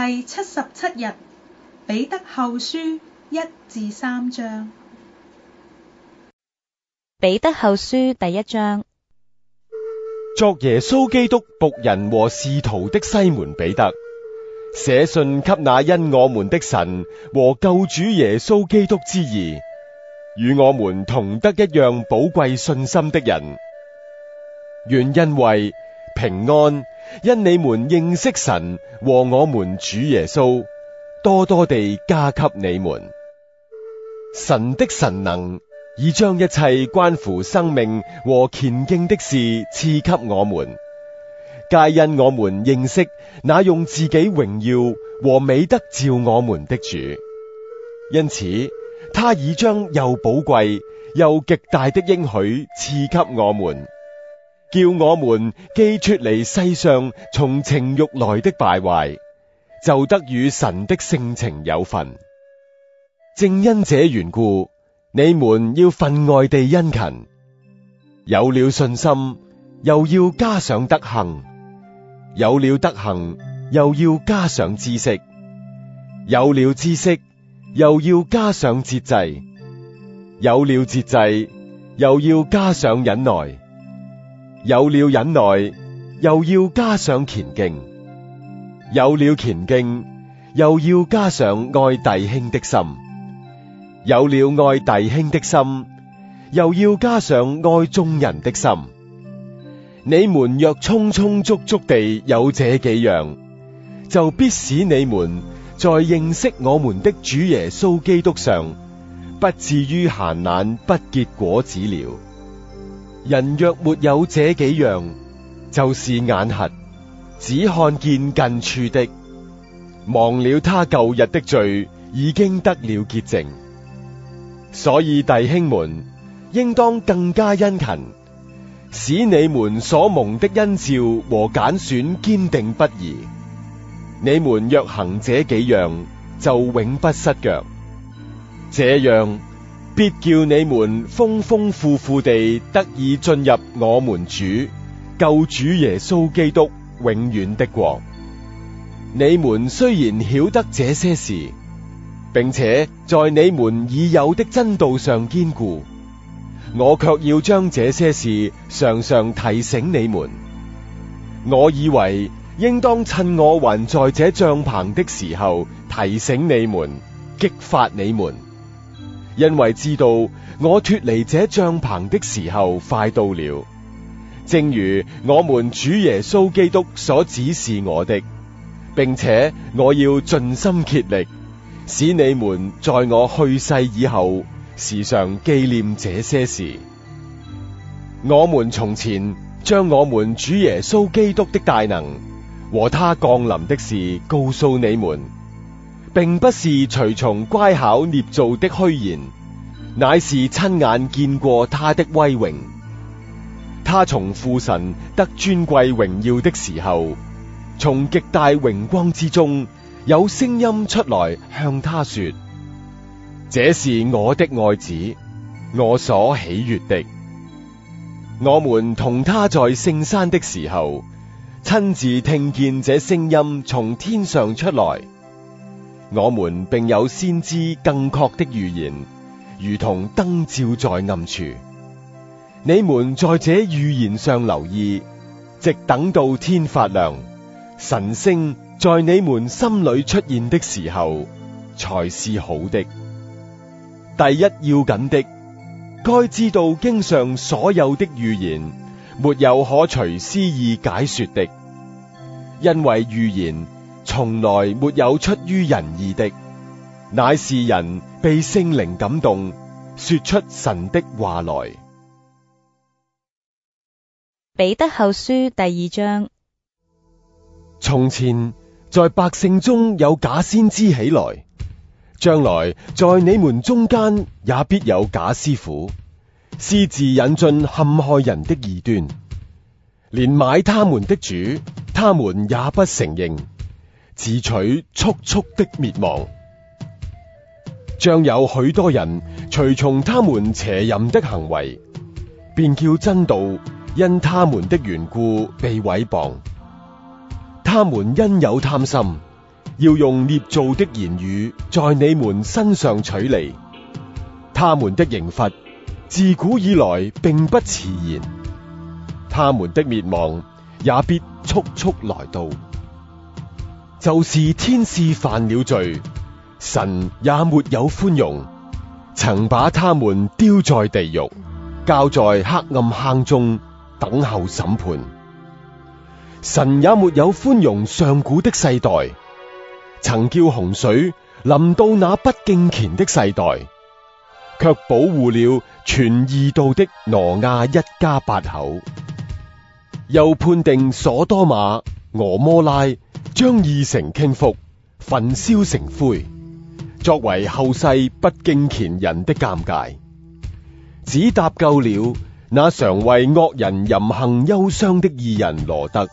第七十七日，彼得後書一至三章。彼得後書第一章。作耶穌基督僕人和使徒的西門彼得，寫信給那因我們的神和救主耶穌基督之義，與我們同得一樣寶貴信心的人，願因為平安。因你們認識神和我們主耶穌，多多地加給你們。神的神能已將一切關乎生命和虔敬的事賜給我們，皆因我們認識那用自己榮耀和美德召我們的主。因此，他已將又寶貴又極大的應許賜給我們。叫我們既脱離世上從情欲來的敗壞，就得與神的性情有份。正因這緣故，你們要分外地殷勤。有了信心，又要加上德行；有了德行，又要加上知識；有了知識，又要加上節制；有了節制，又要加上忍耐。有了忍耐，又要加上虔敬；有了虔敬，又要加上愛弟兄的心；有了愛弟兄的心，又要加上愛眾人的心。你們若充充足足地有這幾樣，就必使你們在認識我們的主耶穌基督上，不至於閒懶不結果子了。人若沒有這幾樣，就是眼瞎，只看見近處的，忘了他舊日的罪，已經得了潔淨。所以弟兄們，應當更加殷勤，使你們所蒙的恩召和揀選堅定不移。你們若行這幾樣，就永不失腳。這樣。必叫你們豐豐富富地得以進入我們主救主耶穌基督永遠的國。你們雖然曉得這些事，並且在你們已有的真道上堅固，我卻要將這些事常常提醒你們。我以為應當趁我還在這帳篷的時候提醒你們，激發你們。因為知道我脫離這帳篷的時候快到了，正如我們主耶穌基督所指示我的，並且我要盡心竭力，使你們在我去世以後時常紀念這些事。我們從前將我們主耶穌基督的大能和他降臨的事告訴你們。並不是隨從乖巧捏造的虛言，乃是親眼見過他的威榮。他從父神得尊貴榮耀的時候，從極大榮光之中，有聲音出來向他說：這是我的愛子，我所喜悅的。我們同他在聖山的時候，親自聽見這聲音從天上出來。我們並有先知更確的預言，如同燈照在暗處。你們在這預言上留意，直等到天發亮，晨星在你們心裏出現的時候，才是好的。第一要緊的，該知道經上所有的預言沒有可隨私意解說的，因為預言。從來沒有出於人意的，乃是人被聖靈感動，說出神的話來。彼得後書第二章。從前在百姓中有假先知起來，將來在你們中間也必有假師傅，私自引進陷害人的異端，連買他們的主，他們也不承認。自取速速的滅亡，將有許多人隨從他們邪淫的行為，便叫真道因他們的緣故被毀謗。他們因有貪心，要用捏造的言語在你們身上取利。他們的刑罰自古以來並不遲延，他們的滅亡也必速速來到。就是天使犯了罪，神也沒有寬容，曾把他們丟在地獄，交在黑暗坑中等候審判。神也沒有寬容上古的世代，曾叫洪水臨到那不敬虔的世代，卻保護了全義道的挪亞一家八口。又判定所多瑪。俄摩拉將二城傾覆，焚燒成灰，作為後世不敬虔人的尷尬，只搭救了那常為惡人淫行憂傷的二人羅德，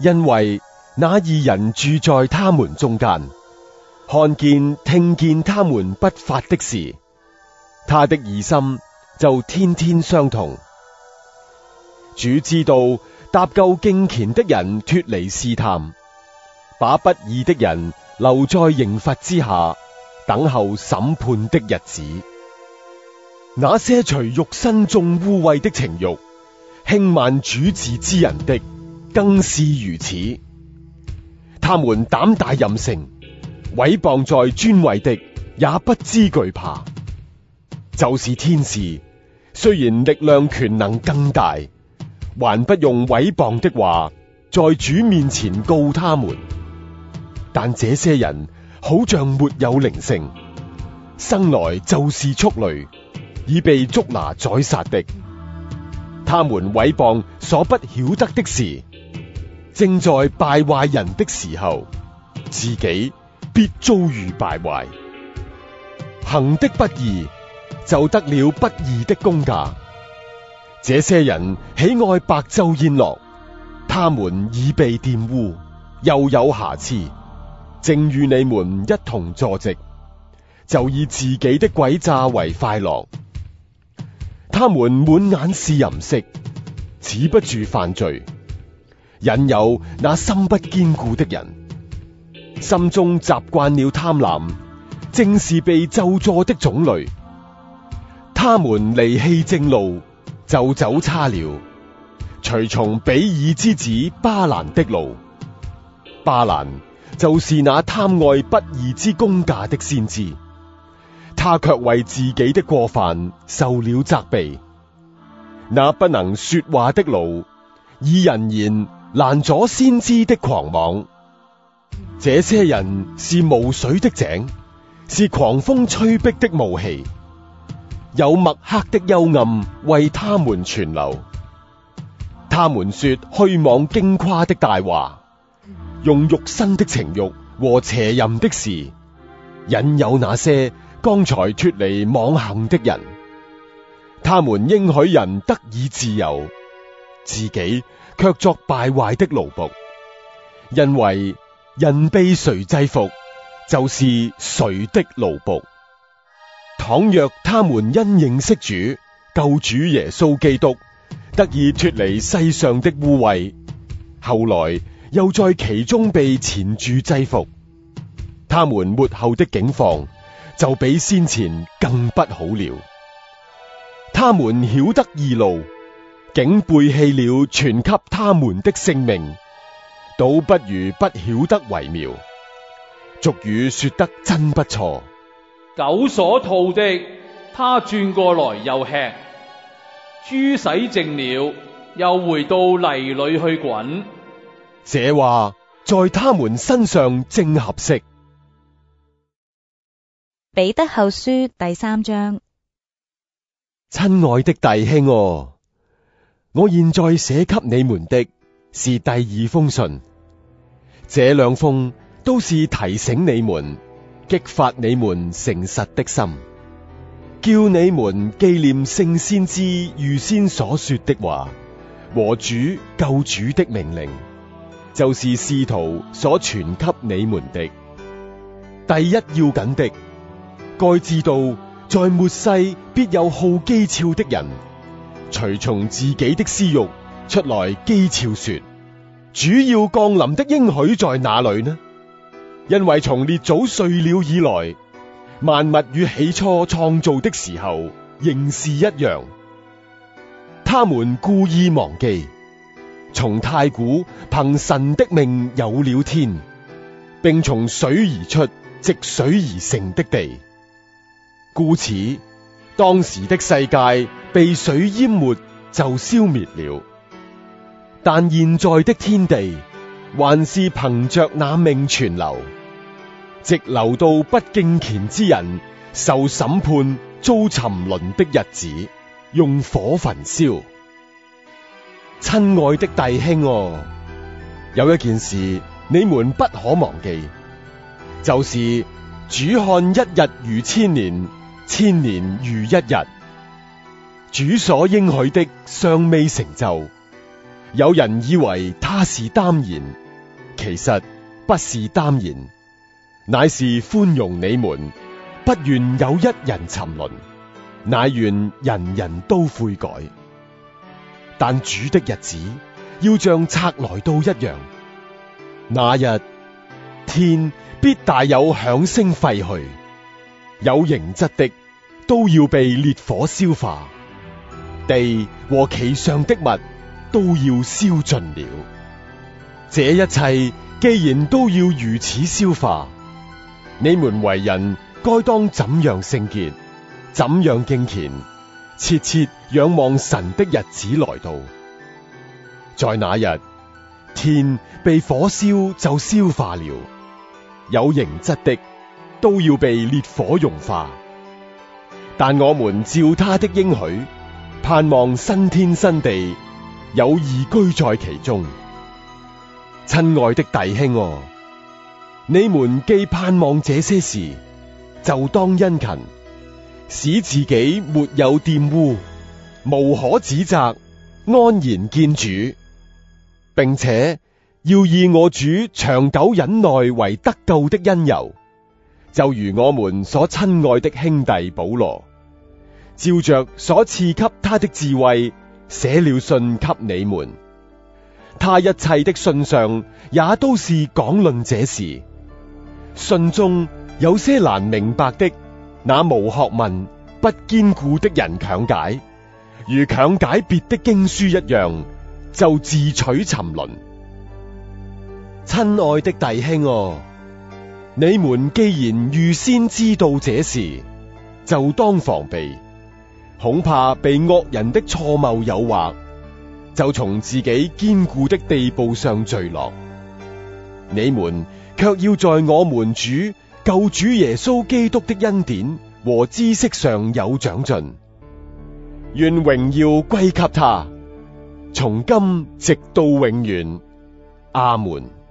因為那二人住在他們中間，看見、聽見他們不法的事，他的疑心就天天相同。主知道。搭救敬虔的人脫離試探，把不義的人留在刑罰之下，等候審判的日子。那些隨肉身眾污穢的情欲，輕慢主治之人的，更是如此。他們膽大任性，毀謗在尊位的也不知懼怕。就是天使，雖然力量權能更大。還不用毀謗的話，在主面前告他們。但這些人好像沒有靈性，生來就是畜類，已被捉拿宰殺的。他們毀謗所不曉得的事，正在敗壞人的時候，自己必遭遇敗壞。行的不義，就得了不義的工價。這些人喜愛白晝宴樂，他們已被玷污，又有瑕疵，正與你們一同坐席，就以自己的詭詐為快樂。他們滿眼是淫色，止不住犯罪，引誘那心不堅固的人，心中習慣了貪婪，正是被咒詛的種類。他們離棄正路。就走差了。隨從比珥之子巴蘭的路，巴蘭就是那貪愛不義之工價的先知，他却為自己的過犯受了責備。那不能說話的路，以人言攔阻先知的狂妄。這些人是無水的井，是狂風吹逼的霧氣。有墨黑的幽暗為他們存留，他們說虛妄矜誇的大話，用肉身的情欲和邪淫的事，引誘那些剛才脫離妄行的人。他們應許人得以自由，自己卻作敗壞的奴僕，因為人被誰制服，就是誰的奴僕。倘若他們因認識主、救主耶穌基督，得以脫離世上的污穢，後來又在其中被纏住制服，他們末後的景況就比先前更不好了。他們曉得義路，竟背棄了傳給他們的性命，倒不如不曉得為妙。俗語說得真不錯。狗所吐的，他轉過來又吃；豬洗淨了，又回到泥裏去滾。這話在他們身上正合適。彼得後書第三章，親愛的弟兄、哦，我現在寫給你們的是第二封信，這兩封都是提醒你們。激發你們誠實的心，叫你們紀念聖先知預先所說的話和主救主的命令，就是使徒所傳給你們的。第一要緊的，該知道在末世必有好譏誚的人，隨從自己的私欲出來譏誚說：主要降臨的應許在哪裏呢？因為從列祖睡了以來，萬物與起初創造的時候仍是一樣。他們故意忘記，從太古憑神的命有了天，並從水而出，藉水而成的地。故此，當時的世界被水淹沒就消滅了，但現在的天地，還是憑着那命存留，直留到不敬虔之人受審判、遭沉淪的日子，用火焚燒。親愛的弟兄、哦，有一件事你們不可忘記，就是主看一日如千年，千年如一日。主所應許的尚未成就，有人以為他是耽延。其實不是耽延，乃是寬容你們，不願有一人沉淪，乃願人人都悔改。但主的日子要像賊來到一樣，那日天必大有響聲廢去，有形質的都要被烈火消化，地和其上的物都要燒盡了。這一切既然都要如此消化，你們為人該當怎樣聖潔，怎樣敬虔，切切仰望神的日子來到。在那日，天被火燒就消化了，有形質的都要被烈火融化。但我們照他的應許，盼望新天新地，有義居在其中。親愛的弟兄啊，你們既盼望這些事，就當殷勤，使自己沒有玷污、無可指責，安然見主，並且要以我主長久忍耐為得救的因由。就如我們所親愛的兄弟保羅，照着所賜給他的智慧寫了信給你們。他一切的信上也都是講論這事，信中有些難明白的，那無學問、不堅固的人強解，如強解別的經書一樣，就自取沉淪。親愛的弟兄啊，你們既然預先知道這事，就當防備，恐怕被惡人的錯謬誘惑。就從自己堅固的地步上墜落，你們卻要在我們主救主耶穌基督的恩典和知識上有長進，願榮耀歸給他，從今直到永遠。阿門。